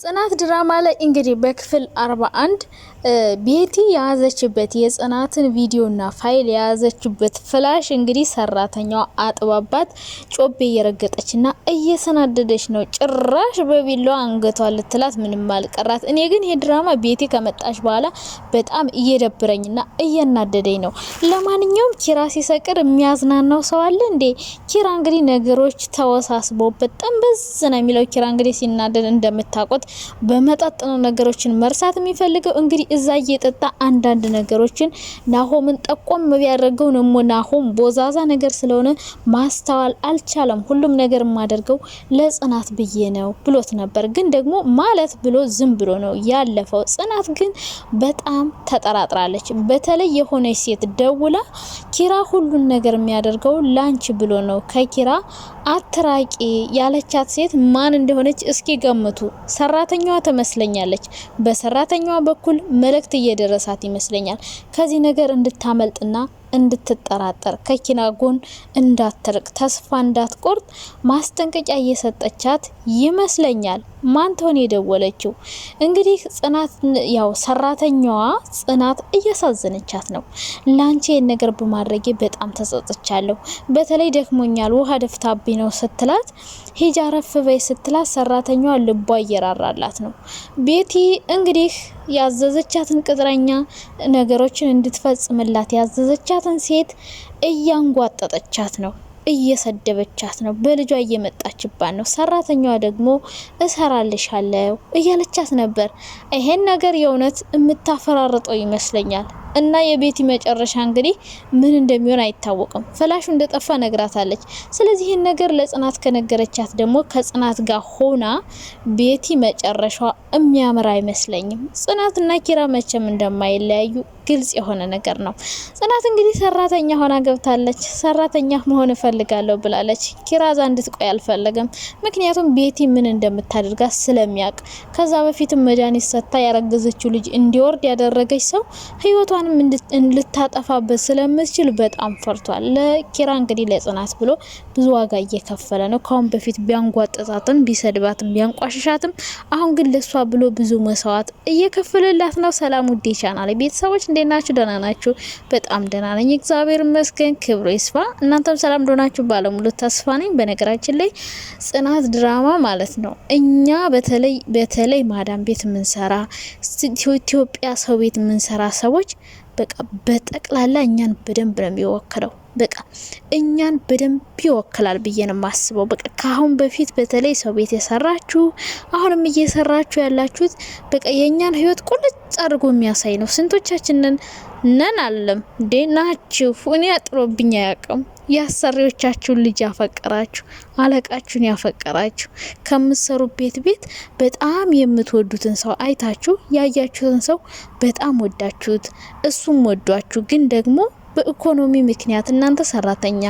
ጽናት ድራማ ላይ እንግዲህ በክፍል 41 ቤቲ የያዘችበት የጽናትን ቪዲዮና ፋይል የያዘችበት ፍላሽ እንግዲህ ሰራተኛዋ አጥባባት ጮቤ እየረገጠችና እየሰናደደች ነው። ጭራሽ በቢላዋ አንገቷ ልትላት ምንም አልቀራት። እኔ ግን ይሄ ድራማ ቤቲ ከመጣች በኋላ በጣም እየደብረኝና እያናደደኝ ነው። ለማንኛውም ኪራ ሲሰቅር የሚያዝናናው ሰው አለ እንዴ? ኪራ እንግዲህ ነገሮች ተወሳስቦ በጣም በዝ ነው የሚለው ኪራ እንግዲህ ሲናደድ እንደምታቆት መጠጥ በመጠጥ ነው ነገሮችን መርሳት የሚፈልገው። እንግዲህ እዛ እየጠጣ አንዳንድ ነገሮችን ናሆምን ጠቆም ቢያደርገው ደግሞ ናሆም ቦዛዛ ነገር ስለሆነ ማስተዋል አልቻለም። ሁሉም ነገር የማደርገው ለጽናት ብዬ ነው ብሎት ነበር፣ ግን ደግሞ ማለት ብሎ ዝም ብሎ ነው ያለፈው። ጽናት ግን በጣም ተጠራጥራለች። በተለይ የሆነች ሴት ደውላ ኪራ ሁሉን ነገር የሚያደርገው ላንቺ ብሎ ነው ከኪራ አትራቂ ያለቻት ሴት ማን እንደሆነች እስኪ ገምቱ። ሰራተኛዋ ትመስለኛለች። በሰራተኛዋ በኩል መልእክት እየደረሳት ይመስለኛል ከዚህ ነገር እንድታመልጥና እንድትጠራጠር ከኪና ጎን እንዳትርቅ ተስፋ እንዳትቆርጥ ማስጠንቀቂያ እየሰጠቻት ይመስለኛል። ማን ትሆን የደወለችው? እንግዲህ ጽናት ያው ሰራተኛዋ ጽናት እያሳዘነቻት ነው። ላንቺ ይህን ነገር በማድረጌ በጣም ተጸጽቻለሁ፣ በተለይ ደክሞኛል፣ ውሃ ደፍታቢ ነው ስትላት፣ ሂጂ አረፍ በይ ስትላት፣ ሰራተኛዋ ልቧ እየራራላት ነው። ቤቲ እንግዲህ ያዘዘቻትን ቅጥረኛ ነገሮችን እንድትፈጽምላት ያዘዘቻት ያላትን ሴት እያንጓጠጠቻት ነው፣ እየሰደበቻት ነው፣ በልጇ እየመጣችባት ነው። ሰራተኛዋ ደግሞ እሰራልሻለሁ እያለቻት ነበር። ይሄን ነገር የእውነት የምታፈራርጠው ይመስለኛል። እና የቤቲ መጨረሻ እንግዲህ ምን እንደሚሆን አይታወቅም። ፍላሹ እንደጠፋ ነግራታለች። ስለዚህ ይህን ነገር ለጽናት ከነገረቻት ደግሞ ከጽናት ጋር ሆና ቤቲ መጨረሻ የሚያምር አይመስለኝም። ጽናትና ኪራ መቼም እንደማይለያዩ ግልጽ የሆነ ነገር ነው። ጽናት እንግዲህ ሰራተኛ ሆና ገብታለች። ሰራተኛ መሆን እፈልጋለሁ ብላለች። ኪራዛ እንድትቆይ አልፈለገም። ምክንያቱም ቤቲ ምን እንደምታደርጋት ስለሚያውቅ ከዛ በፊትም መድኃኒት ሰጥታ ያረገዘችው ልጅ እንዲወርድ ያደረገች ሰው ህይወቷ ራሷንም ልታጠፋበት ስለምትችል በጣም ፈርቷል። ለኪራ እንግዲህ ለጽናት ብሎ ብዙ ዋጋ እየከፈለ ነው። ካሁን በፊት ቢያንጓጠጣትም ቢሰድባትም ቢያንቋሽሻትም አሁን ግን ለሷ ብሎ ብዙ መስዋዕት እየከፈለላት ነው። ሰላም ውዴ ቻናል ቤተሰቦች እንዴት ናችሁ? ደህና ናችሁ? በጣም ደህና ነኝ እግዚአብሔር ይመስገን፣ ክብሩ ይስፋ። እናንተም ሰላም እንደሆናችሁ ባለሙሉ ተስፋ ነኝ። በነገራችን ላይ ጽናት ድራማ ማለት ነው እኛ በተለይ በተለይ ማዳም ቤት የምንሰራ ኢትዮጵያ ሰው ቤት የምንሰራ ሰዎች በቃ በጠቅላላ እኛን በደንብ ነው የሚወክለው። በቃ እኛን በደንብ ይወክላል ብዬ ነው የማስበው። በቃ ከአሁን በፊት በተለይ ሰው ቤት የሰራችሁ አሁንም እየሰራችሁ ያላችሁት በቃ የእኛን ህይወት ቁልጭ አድርጎ የሚያሳይ ነው። ስንቶቻችንን ነን አለም እንዴ ናችሁ? እኔ አጥሮብኝ አያውቅም። የአሰሪዎቻችሁን ልጅ ያፈቀራችሁ፣ አለቃችሁን ያፈቀራችሁ ከምትሰሩበት ቤት በጣም የምትወዱትን ሰው አይታችሁ ያያችሁትን ሰው በጣም ወዳችሁት፣ እሱም ወዷችሁ ግን ደግሞ በኢኮኖሚ ምክንያት እናንተ ሰራተኛ፣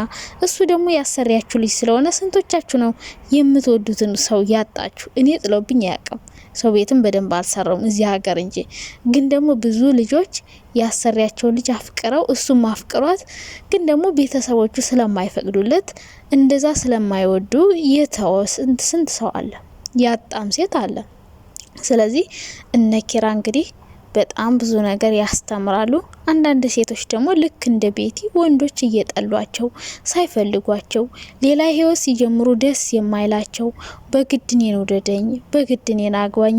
እሱ ደግሞ ያሰሪያችሁ ልጅ ስለሆነ ስንቶቻችሁ ነው የምትወዱትን ሰው ያጣችሁ? እኔ ጥለብኝ አያውቅም። ሰው ቤትም በደንብ አልሰራውም እዚህ ሀገር እንጂ። ግን ደግሞ ብዙ ልጆች ያሰሪያቸውን ልጅ አፍቅረው እሱም አፍቅሯት፣ ግን ደግሞ ቤተሰቦቹ ስለማይፈቅዱለት እንደዛ ስለማይወዱ የተወ ስንት ስንት ሰው አለ፣ ያጣም ሴት አለ። ስለዚህ እነ ኪራ እንግዲህ በጣም ብዙ ነገር ያስተምራሉ። አንዳንድ ሴቶች ደግሞ ልክ እንደ ቤቲ ወንዶች እየጠሏቸው ሳይፈልጓቸው ሌላ ህይወት ሲጀምሩ ደስ የማይላቸው በግድን የወደደኝ በግድን የናግባኝ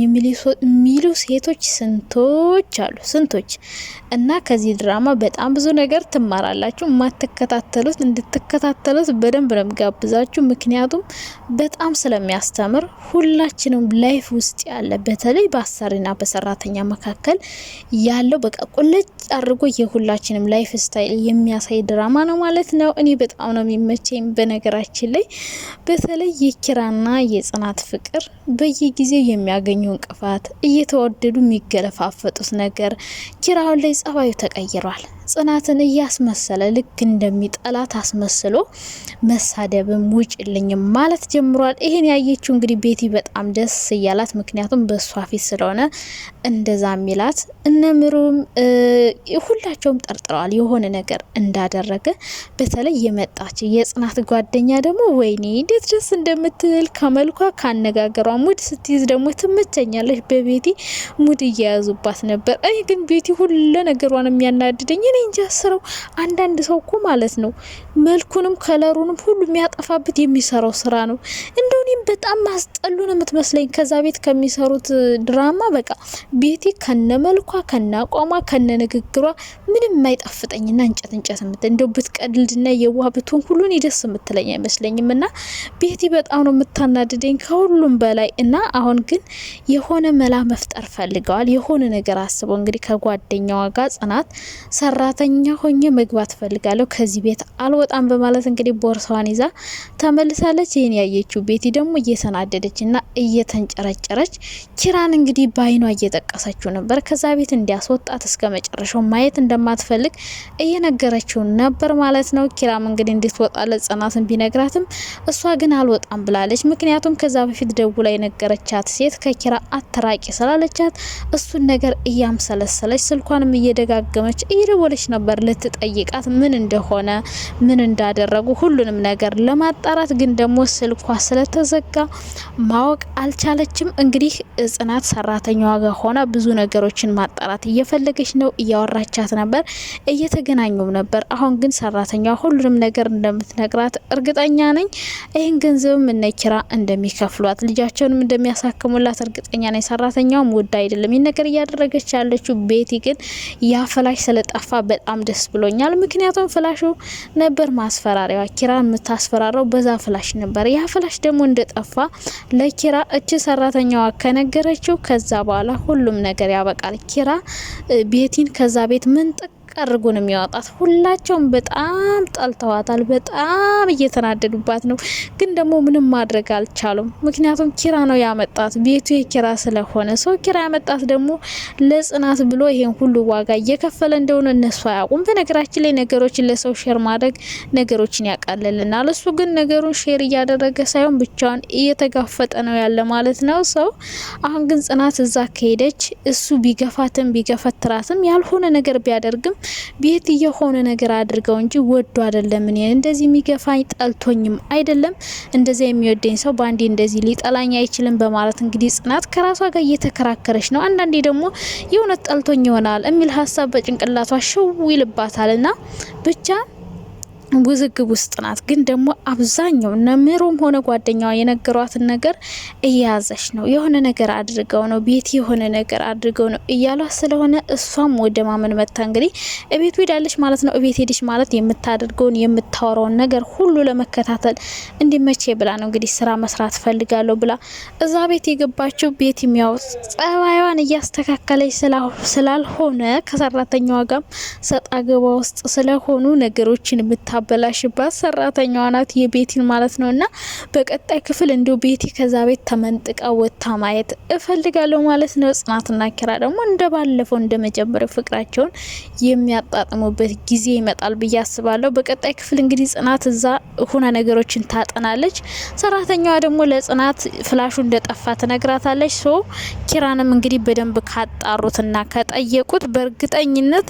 የሚሉ ሴቶች ስንቶች አሉ ስንቶች። እና ከዚህ ድራማ በጣም ብዙ ነገር ትማራላችሁ። የማትከታተሉት እንድትከታተሉት በደንብ ነው የሚጋብዛችሁ። ምክንያቱም በጣም ስለሚያስተምር ሁላችንም ላይፍ ውስጥ ያለ በተለይ በአሰሪና በሰራተኛ መካከል ያለው በቃ ቁልጭ አድርጎ የሁላችንም ላይፍ ስታይል የሚያሳይ ድራማ ነው ማለት ነው። እኔ በጣም ነው የሚመቸኝ። በነገራችን ላይ በተለይ የኪራና የጽናት ፍቅር በየጊዜው የሚያገኙ እንቅፋት፣ እየተወደዱ የሚገለፋፈጡት ነገር ኪራውን ላይ ጸባዩ ተቀይሯል። ጽናትን እያስመሰለ ልክ እንደሚጠላት አስመስሎ መሳደብም ውጭልኝም ማለት ጀምሯል። ይህን ያየችው እንግዲህ ቤቲ በጣም ደስ እያላት፣ ምክንያቱም በእሷ ፊት ስለሆነ እንደዛ ሚላት። እነምሩም ሁላቸውም ጠርጥረዋል የሆነ ነገር እንዳደረገ። በተለይ የመጣች የጽናት ጓደኛ ደግሞ ወይኔ እንዴት ደስ እንደምትል ከመልኳ ካነጋገሯ፣ ሙድ ስትይዝ ደግሞ ትመቸኛለች። በቤቲ ሙድ እያያዙባት ነበር። እኔ ግን ቤቲ ሁሉ ነገሯን የሚያናድደኝ እኔ እንጃ ስረው አንዳንድ ሰው እኮ ማለት ነው መልኩንም ከለሩንም ሁሉ የሚያጠፋበት የሚሰራው ስራ ነው። እንደው እኔም በጣም ማስጠሉ ነው የምትመስለኝ ከዛ ቤት ከሚሰሩት ድራማ በቃ ቤቴ ከነ መልኳ ከነ አቋሟ ከነ ንግግሯ ምንም የማይጣፍጠኝና እንጨት እንጨት ምት እንደው ብትቀልድና የዋህ ብትሆን ሁሉን ይደስ የምትለኝ አይመስለኝም። እና ቤቴ በጣም ነው የምታናድደኝ ከሁሉም በላይ እና አሁን ግን የሆነ መላ መፍጠር ፈልገዋል። የሆነ ነገር አስበው እንግዲህ ከጓደኛዋ ጋር ጽናት ሰራ ሰራተኛ ሆኜ መግባት ፈልጋለሁ፣ ከዚህ ቤት አልወጣም በማለት እንግዲህ ቦርሳዋን ይዛ ተመልሳለች። ይህን ያየችው ቤቲ ደግሞ እየተናደደች እና እየተንጨረጨረች ኪራን እንግዲህ በአይኗ እየጠቀሰችው ነበር። ከዛ ቤት እንዲያስወጣት እስከ መጨረሻው ማየት እንደማትፈልግ እየነገረችው ነበር ማለት ነው። ኪራም እንግዲህ እንድትወጣለት ጽናትን ቢነግራትም እሷ ግን አልወጣም ብላለች። ምክንያቱም ከዛ በፊት ደውላ የነገረቻት ሴት ከኪራ አተራቂ ስላለቻት እሱን ነገር እያምሰለሰለች ስልኳንም እየደጋገመች እየደወለ እያለች ነበር ልትጠይቃት ምን እንደሆነ ምን እንዳደረጉ ሁሉንም ነገር ለማጣራት ግን ደግሞ ስልኳ ስለተዘጋ ማወቅ አልቻለችም። እንግዲህ ጽናት ሰራተኛዋ ጋር ሆና ብዙ ነገሮችን ማጣራት እየፈለገች ነው። እያወራቻት ነበር፣ እየተገናኙም ነበር። አሁን ግን ሰራተኛዋ ሁሉንም ነገር እንደምትነግራት እርግጠኛ ነኝ። ይህን ገንዘብም እነኪራ እንደሚከፍሏት ልጃቸውንም እንደሚያሳክሙላት እርግጠኛ ነኝ። ሰራተኛውም ውድ አይደለም ይህ ነገር እያደረገች ያለችው። ቤቲ ግን ያፈላሽ ስለጠፋ በጣም ደስ ብሎኛል። ምክንያቱም ፍላሹ ነበር ማስፈራሪያዋ። ኪራ የምታስፈራረው በዛ ፍላሽ ነበር። ያ ፍላሽ ደግሞ እንደጠፋ ለኪራ እች ሰራተኛዋ ከነገረችው ከዛ በኋላ ሁሉም ነገር ያበቃል። ኪራ ቤቲን ከዛ ቤት ምን ጥቅ ጠርጉን የሚያወጣት ሁላቸውም በጣም ጠልተዋታል። በጣም እየተናደዱባት ነው። ግን ደግሞ ምንም ማድረግ አልቻሉም። ምክንያቱም ኪራ ነው ያመጣት፣ ቤቱ የኪራ ስለሆነ ሰው ኪራ ያመጣት ደግሞ ለጽናት ብሎ ይሄን ሁሉ ዋጋ እየከፈለ እንደሆነ እነሱ አያውቁም። በነገራችን ላይ ነገሮችን ለሰው ሼር ማድረግ ነገሮችን ያቃለልናል። እሱ ግን ነገሩን ሼር እያደረገ ሳይሆን ብቻውን እየተጋፈጠ ነው ያለ ማለት ነው ሰው። አሁን ግን ጽናት እዛ ከሄደች እሱ ቢገፋትም ቢገፈትራትም ያልሆነ ነገር ቢያደርግም ቤት የሆነ ነገር አድርገው እንጂ ወዶ አይደለም። እኔ እንደዚህ የሚገፋኝ ጠልቶኝም አይደለም። እንደዚያ የሚወደኝ ሰው በአንዴ እንደዚህ ሊጠላኝ አይችልም በማለት እንግዲህ ጽናት ከራሷ ጋር እየተከራከረች ነው። አንዳንዴ ደግሞ የእውነት ጠልቶኝ ይሆናል የሚል ሀሳብ በጭንቅላቷ ሽው ይልባታል እና ብቻ ውዝግብ ውስጥ ናት። ግን ደግሞ አብዛኛው ነምሩም ሆነ ጓደኛዋ የነገሯትን ነገር እያያዘች ነው። የሆነ ነገር አድርገው ነው ቤት የሆነ ነገር አድርገው ነው እያሏት ስለሆነ እሷም ወደ ማመን መታ። እንግዲህ እቤቱ ሄዳለች ማለት ነው። እቤት ሄደች ማለት የምታደርገውን የምታወራውን ነገር ሁሉ ለመከታተል እንዲመቼ ብላ ነው እንግዲህ ስራ መስራት ፈልጋለሁ ብላ እዛ ቤት የገባችው። ቤት የሚያው ጸባይዋን እያስተካከለች ስላልሆነ ከሰራተኛዋ ጋር ሰጣ ገባ ውስጥ ስለሆኑ ነገሮችን የምታ የምታበላሽባት ሰራተኛዋ ናት የቤቲን ማለት ነው። እና በቀጣይ ክፍል እንዲሁ ቤቲ ከዛ ቤት ተመንጥቃ ወጥታ ማየት እፈልጋለሁ ማለት ነው። ጽናትና ኪራ ደግሞ እንደ ባለፈው እንደ መጀመሪያው ፍቅራቸውን የሚያጣጥሙበት ጊዜ ይመጣል ብዬ አስባለሁ። በቀጣይ ክፍል እንግዲህ ጽናት እዛ ሁነ ነገሮችን ታጠናለች። ሰራተኛዋ ደግሞ ለጽናት ፍላሹ እንደጠፋ ትነግራታለች። ሶ ኪራንም እንግዲህ በደንብ ካጣሩትና ከጠየቁት በእርግጠኝነት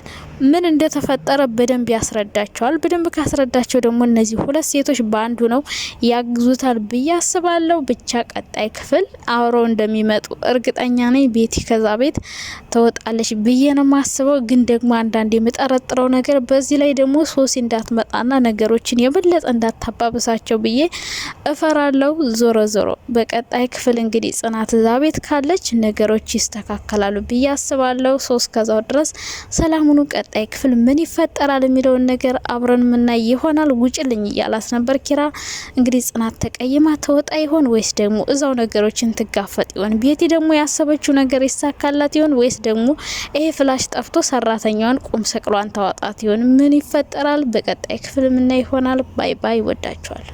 ምን እንደተፈጠረ በደንብ ያስረዳቸዋል። በደንብ ካስረ ያስረዳቸው ደግሞ እነዚህ ሁለት ሴቶች በአንዱ ነው ያግዙታል ብዬ አስባለሁ። ብቻ ቀጣይ ክፍል አብረው እንደሚመጡ እርግጠኛ ነኝ። ቤቲ ከዛ ቤት ትወጣለች ብዬ ነው የማስበው። ግን ደግሞ አንዳንድ የምጠረጥረው ነገር በዚህ ላይ ደግሞ ሶሲ እንዳትመጣና ነገሮችን የበለጠ እንዳታባብሳቸው ብዬ እፈራለው። ዞሮ ዞሮ በቀጣይ ክፍል እንግዲህ ጽናት እዛ ቤት ካለች ነገሮች ይስተካከላሉ ብዬ አስባለሁ። ሶስት ከዛው ድረስ ሰላሙኑ ቀጣይ ክፍል ምን ይፈጠራል የሚለውን ነገር አብረን ምናይ ይሆናል ውጭልኝ እያላት ነበር ኪራ። እንግዲህ ጽናት ተቀይማ ተወጣ ይሆን ወይስ ደግሞ እዛው ነገሮችን ትጋፈጥ ይሆን? ቤቲ ደግሞ ያሰበችው ነገር ይሳካላት ይሆን ወይስ ደግሞ ይሄ ፍላሽ ጠፍቶ ሰራተኛዋን ቁም ሰቅሏን ታዋጣት ይሆን? ምን ይፈጠራል? በቀጣይ ክፍል ምና ይሆናል። ባይ ባይ። ይወዳችኋል።